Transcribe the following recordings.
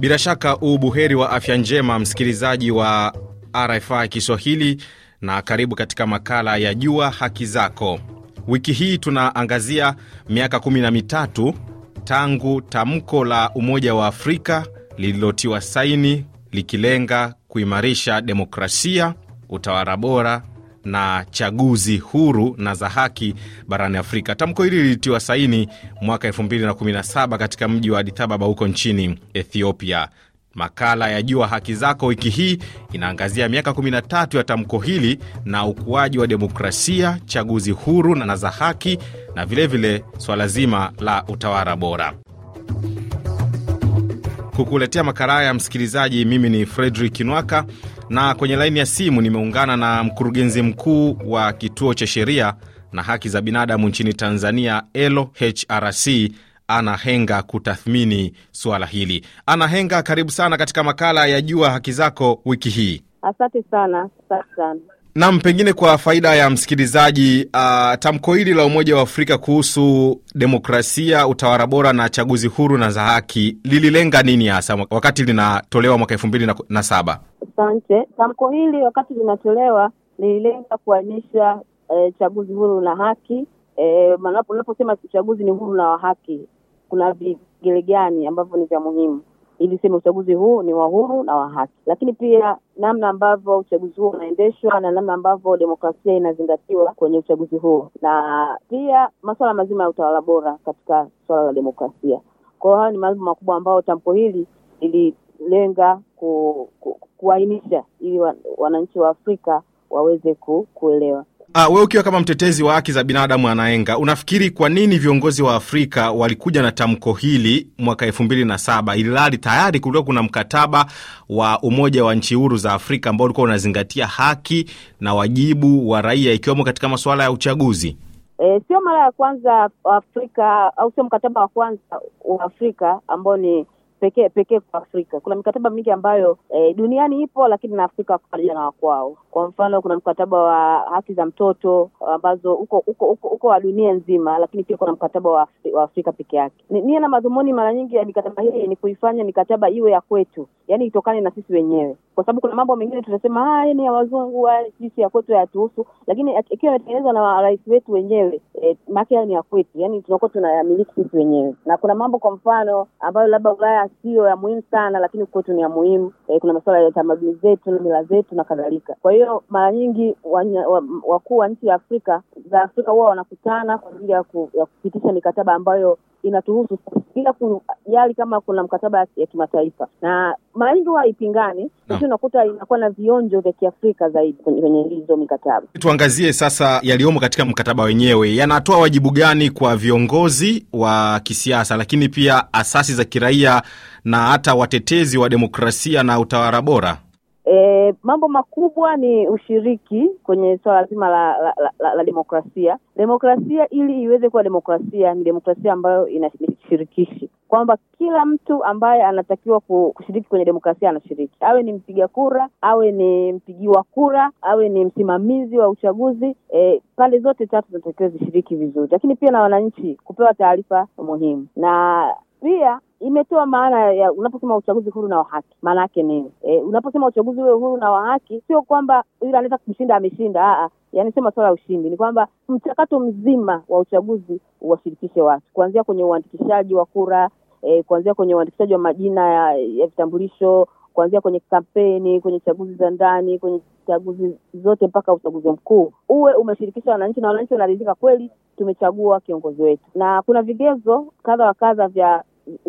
Bila shaka ubuheri wa afya njema, msikilizaji wa RFI Kiswahili, na karibu katika makala ya Jua Haki Zako. Wiki hii tunaangazia miaka kumi na mitatu tangu tamko la Umoja wa Afrika lililotiwa saini likilenga kuimarisha demokrasia, utawala bora na chaguzi huru na za haki barani Afrika. Tamko hili lilitiwa saini mwaka 2017 katika mji wa Adithababa huko nchini Ethiopia. Makala ya Jua Haki Zako wiki hii inaangazia miaka 13 ya tamko hili na ukuaji wa demokrasia, chaguzi huru na za haki, na vilevile swala zima la utawala bora. Kukuletea makala haya msikilizaji, mimi ni Fredrik Nwaka na kwenye laini ya simu nimeungana na mkurugenzi mkuu wa kituo cha sheria na haki za binadamu nchini Tanzania, LHRC, Ana Henga kutathmini suala hili. Ana Henga, karibu sana katika makala ya Jua Haki Zako wiki hii. Asante sana, asante sana. Nam, pengine kwa faida ya msikilizaji, uh, tamko hili la Umoja wa Afrika kuhusu demokrasia, utawala bora na chaguzi huru na za haki lililenga nini hasa wakati linatolewa mwaka elfu mbili na saba? Asante. Tamko hili wakati linatolewa lililenga kuainisha eh, chaguzi huru na haki eh, unaposema uchaguzi ni huru na wa haki, kuna vigelegani ambavyo ni vya muhimu? ilisema uchaguzi huu ni wa huru na wa haki, lakini pia namna ambavyo uchaguzi huu unaendeshwa na namna ambavyo demokrasia inazingatiwa kwenye uchaguzi huu, na pia masuala mazima ya utawala bora katika suala la demokrasia. Kwa hiyo hayo ni mambo makubwa ambayo tamko hili lililenga ku, ku, kuainisha ili wananchi wa Afrika waweze ku, kuelewa. Uh, wewe ukiwa kama mtetezi wa haki za binadamu anaenga, unafikiri kwa nini viongozi wa Afrika walikuja na tamko hili mwaka elfu mbili na saba ililali tayari kulikuwa kuna mkataba wa Umoja wa Nchi Huru za Afrika ambao ulikuwa unazingatia haki na wajibu wa raia ikiwemo katika masuala ya uchaguzi? E, sio mara ya kwanza Afrika au sio mkataba wa kwanza wa Afrika ambao ni pekee pekee kwa Afrika. Kuna mikataba mingi ambayo e, duniani ipo, lakini na Afrika hakupatikana na wakwao. Kwa mfano, kuna mkataba wa haki za mtoto ambazo uko uko uko, uko wa dunia nzima, lakini pia kuna mkataba wa, wa Afrika peke yake. Nia na madhumuni mara nyingi ya mikataba hii ni kuifanya mikataba iwe ya kwetu, yani itokane na sisi wenyewe, kwa sababu kuna mambo mengine tunasema haya ah, ni ya wazungu, ah, sisi ya kwetu hayatuhusu, lakini ikiwa imetengenezwa na rais wetu wenyewe e, maana ni ya kwetu, yani tunakuwa tunayamiliki sisi wenyewe. Na kuna mambo kwa mfano ambayo labda Ulaya sio ya muhimu sana, lakini kwetu ni ya muhimu e, kuna masuala ya tamaduni zetu na mila zetu na kadhalika. Kwa hiyo mara nyingi wakuu wa nchi ya Afrika za Afrika huwa wanakutana kwa ajili ya, ku, ya kupitisha mikataba ambayo inatuhusu bila kujali kama kuna mkataba ya kimataifa, na mara nyingi huwa haipingani, lakini unakuta inakuwa na vionjo vya kiafrika zaidi kwenye hizo mikataba. Tuangazie sasa yaliyomo katika mkataba wenyewe, yanatoa wajibu gani kwa viongozi wa kisiasa, lakini pia asasi za kiraia na hata watetezi wa demokrasia na utawala bora? E, mambo makubwa ni ushiriki kwenye swala zima la, la, la, la, la demokrasia. Demokrasia ili iweze kuwa demokrasia ni demokrasia ambayo inashirikishi, kwamba kila mtu ambaye anatakiwa kushiriki kwenye demokrasia anashiriki, awe ni mpiga kura, awe ni mpigiwa kura, awe ni msimamizi wa uchaguzi. E, pande zote tatu zinatakiwa zishiriki vizuri, lakini pia na wananchi kupewa taarifa muhimu na pia imetoa maana ya unaposema uchaguzi huru na wa haki, maana yake nini? E, eh, unaposema uchaguzi uwe huru na wa haki, sio kwamba yule anaweza kumshinda ameshinda. Aa, yani sio masuala ya ushindi, ni kwamba mchakato mzima wa uchaguzi uwashirikishe watu, kuanzia kwenye uandikishaji wa kura e, kuanzia kwenye uandikishaji wa majina ya, ya vitambulisho kuanzia kwenye kampeni, kwenye chaguzi za ndani, kwenye chaguzi zote mpaka uchaguzi mkuu, uwe umeshirikisha wananchi na wananchi wanaridhika kweli, tumechagua kiongozi wetu. Na kuna vigezo kadha wa kadha vya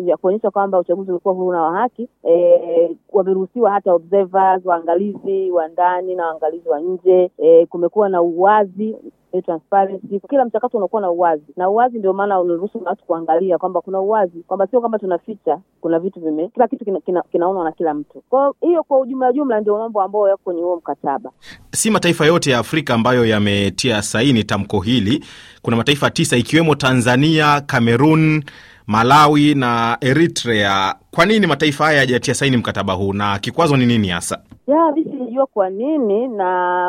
ya kuonyesha kwamba uchaguzi ulikuwa huru na wa haki e, wameruhusiwa hata observers, waangalizi wa ndani na waangalizi wa nje e, kumekuwa na uwazi e, transparency. Kila mchakato unakuwa na uwazi, na uwazi ndio maana unaruhusu watu kuangalia kwamba kuna uwazi, kwamba sio kama tunaficha, kuna vitu vime, kila kitu kinaonwa kina, kina na kila mtu. Kwa hiyo kwa ujumla jumla ndio mambo ambayo yako kwenye huo mkataba. Si mataifa yote ya Afrika ambayo yametia saini tamko hili. Kuna mataifa tisa ikiwemo Tanzania, Cameroon Malawi na Eritrea. Kwa nini mataifa haya yajatia saini mkataba huu na kikwazo ni nini hasa? ya mi kwa nini, na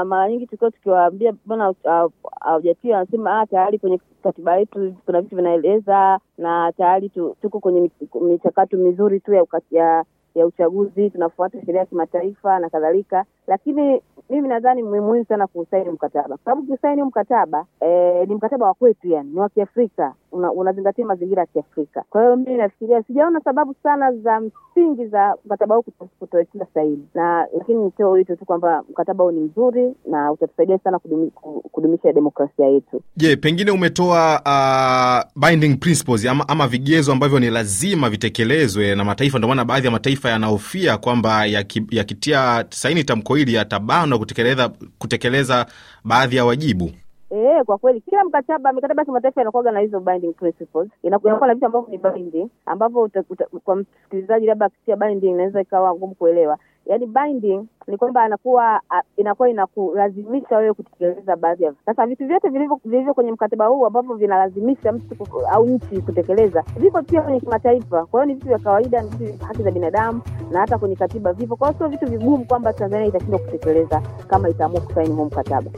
mara nyingi tukiwa tukiwaambia mbona uh, haujatia, wanasema ah, tayari kwenye katiba yetu kuna vitu vinaeleza na tayari tuko kwenye michakato mizuri tu ya ya uchaguzi, tunafuata sheria ya kimataifa na kadhalika, lakini mimi nadhani ni muhimu sana kusaini mkataba, kwa sababu ukisaini mkataba eh, ni mkataba wa kwetu, yani ni wa Kiafrika, unazingatia una mazingira ya Kiafrika. Kwa hiyo mimi nafikiria, sijaona sababu sana za msingi za mkataba huu kutoetiwa saini, na lakini nitoe wito tu kwamba mkataba huu ni mzuri na utatusaidia sana kudumi, kudumisha demokrasia yetu. Je, pengine umetoa uh, binding principles ama, ama vigezo ambavyo ni lazima vitekelezwe na mataifa, ndio maana baadhi ya mataifa mataifa yanahofia kwamba yakitia ya saini tamko hili yatabanwa kutekeleza, kutekeleza baadhi ya wajibu. E, kwa kweli kila mkataba mikataba ya kimataifa inakuwaga na hizo binding principles, inakuwa na vitu ambavyo ni binding ambavyo kwa msikilizaji labda akisia binding inaweza ikawa ngumu kuelewa, yani binding ni kwamba anakuwa inakuwa inakulazimisha wewe kutekeleza baadhi ya vitu. Sasa vitu vyote vilivyo kwenye mkataba huu ambavyo vinalazimisha mtu au nchi kutekeleza viko pia kwenye kimataifa. Kwa hiyo ni vitu vya kawaida, ni vitu vya haki za binadamu na hata kwenye katiba vipo. Kwa hiyo sio vitu vigumu kwamba Tanzania itashindwa kutekeleza kama itaamua kusaini huu mkataba.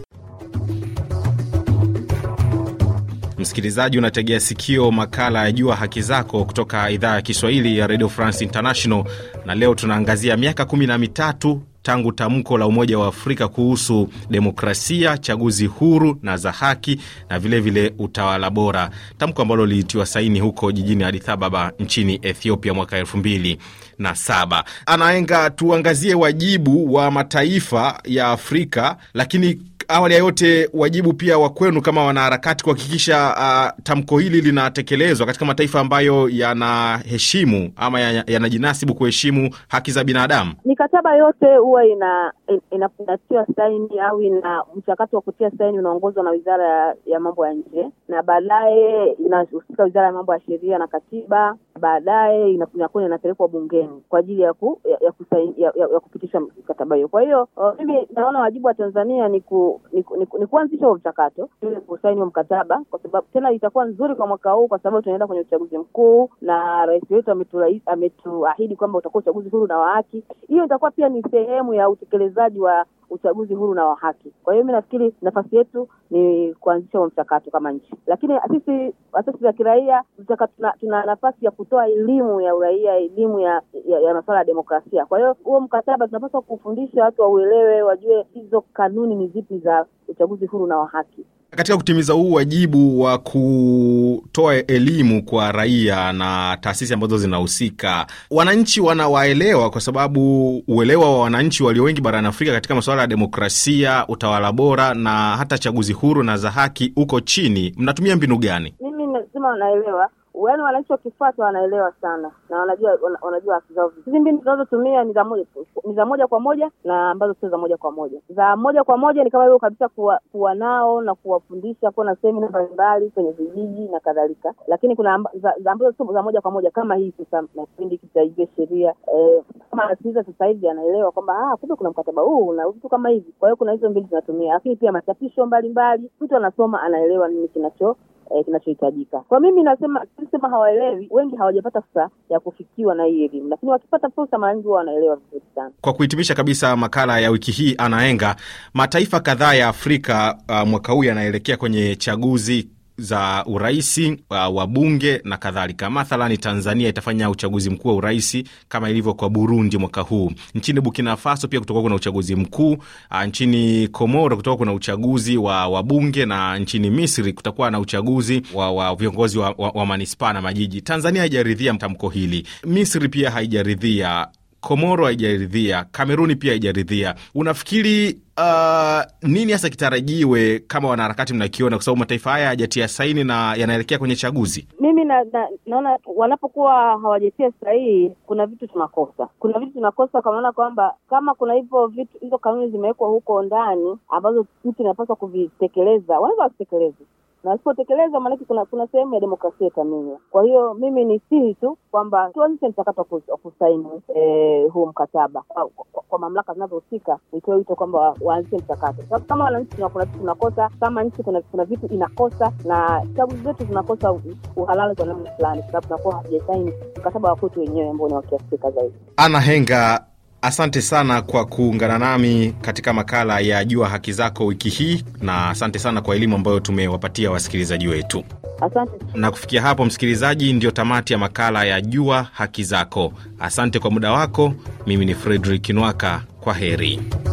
Msikilizaji, unategea sikio makala ya Jua Haki Zako kutoka idhaa ya Kiswahili ya Radio France International, na leo tunaangazia miaka kumi na mitatu tangu tamko la Umoja wa Afrika kuhusu demokrasia, chaguzi huru na za haki na vilevile vile utawala bora, tamko ambalo lilitiwa saini huko jijini adithababa nchini Ethiopia mwaka elfu mbili na saba. Anaenga, tuangazie wajibu wa mataifa ya Afrika, lakini awali ya yote, wajibu pia wa kwenu kama wanaharakati kuhakikisha uh, tamko hili linatekelezwa katika mataifa ambayo yanaheshimu ama yanajinasibu ya kuheshimu haki za binadamu. Mikataba yote huwa ina saini au ina mchakato wa kutia saini unaongozwa na Wizara ya, ya Mambo ya Nje na baadaye inahusika Wizara ya Mambo ya Sheria na Katiba, baadaye inakuwa inapelekwa bungeni kwa ajili ya, ku, ya, ya, ya, ya, ya kupitisha mikataba hiyo. Kwa hiyo oh, mimi naona wajibu wa Tanzania ni ku ni, ni, ni kuanzisha huo mchakato tuweze kusaini mkataba, kwa sababu tena itakuwa nzuri kwa mwaka huu, kwa sababu tunaenda kwenye uchaguzi mkuu na rais wetu ametuahidi kwamba utakuwa uchaguzi huru na wa haki. Hiyo itakuwa pia ni sehemu ya utekelezaji wa uchaguzi huru na wa haki. Kwa hiyo mi nafikiri nafasi yetu ni kuanzisha huo mchakato kama nchi, lakini sisi asasi za kiraia tuna, tuna nafasi ya kutoa elimu ya uraia, elimu ya, ya, ya masuala ya demokrasia. Kwa hiyo huo mkataba tunapaswa kufundisha watu wauelewe, wajue hizo kanuni ni zipi za uchaguzi huru na wa haki. Katika kutimiza huu wajibu wa kutoa elimu kwa raia na taasisi ambazo zinahusika, wananchi wanawaelewa, kwa sababu uelewa wa wananchi walio wengi barani Afrika katika masuala ya demokrasia, utawala bora na hata chaguzi huru na za haki uko chini. Mnatumia mbinu gani? Mimi nasema wanaelewa, Yaani wananchi wakifuata wanaelewa sana na wanajua wanajua haki zao. Hizi mbinu tunazotumia ni za moja ni za moja kwa moja na ambazo sio za moja kwa moja. Za moja kwa moja ni kama hivyo kabisa, kuwa, kuwa nao na kuwafundisha, kuwa na semina mbalimbali kwenye vijiji na kadhalika, lakini kuna amba, za, za ambazo sio za moja kwa moja kama hii sasa na kipindi kitaigia sheria eh, kama anasikiliza sasa hivi anaelewa kwamba ah, kumbe kuna mkataba huu na vitu kama hivi. Kwa hiyo kuna hizo mbili tunatumia, lakini pia machapisho mbalimbali, mtu anasoma anaelewa nini kinacho eh, kinachohitajika. Kwa mimi nasema sema hawaelewi, wengi hawajapata fursa ya kufikiwa na hii elimu, lakini wakipata fursa mara nyingi wanaelewa vizuri sana. Kwa kuhitimisha kabisa makala ya wiki hii, anaenga mataifa kadhaa ya Afrika uh, mwaka huu yanaelekea kwenye chaguzi za uraisi wa bunge na kadhalika. Mathalani, Tanzania itafanya uchaguzi mkuu wa uraisi kama ilivyo kwa Burundi mwaka huu. Nchini Burkina Faso pia kutakuwa kuna uchaguzi mkuu. Ah, nchini Komoro kutakuwa kuna uchaguzi wa wabunge, na nchini Misri kutakuwa na uchaguzi wa, wa viongozi wa, wa, wa manispaa na majiji. Tanzania haijaridhia tamko hili, Misri pia haijaridhia Komoro haijaridhia, Kameruni pia haijaridhia. Unafikiri Uh, nini hasa kitarajiwe kama wanaharakati mnakiona, kwa sababu mataifa haya hajatia saini na yanaelekea kwenye chaguzi? Mimi na, na, naona wanapokuwa hawajatia sahihi, kuna vitu tunakosa, kuna vitu tunakosa kwa maana kwamba kama kuna hivyo vitu, hizo kanuni zimewekwa huko ndani ambazo nchi inapaswa kuvitekeleza, wanaweza wasitekeleze na asipotekelezwa, maanake kuna kuna sehemu ya demokrasia itaminywa. Kwa hiyo mimi ni sihi tu kwamba tuanzishe mchakato wa kusaini eh, huu mkataba kwa, kwa, kwa mamlaka zinazohusika, nitoe wito kwamba waanzishe mchakato, sababu kama wananchi kuna vitu tunakosa, kama nchi kuna, kuna vitu inakosa, na chaguzi zetu zinakosa uhalali kwa namna fulani, sababu tunakuwa hatujasaini mkataba wa kwetu wenyewe ambao ni wa Kiafrika zaidi. Ana Henga Asante sana kwa kuungana nami katika makala ya Jua Haki Zako wiki hii, na asante sana kwa elimu ambayo tumewapatia wasikilizaji wetu. Asante. Na kufikia hapo, msikilizaji, ndiyo tamati ya makala ya Jua Haki Zako. Asante kwa muda wako. Mimi ni Fredrik Nwaka, kwa heri.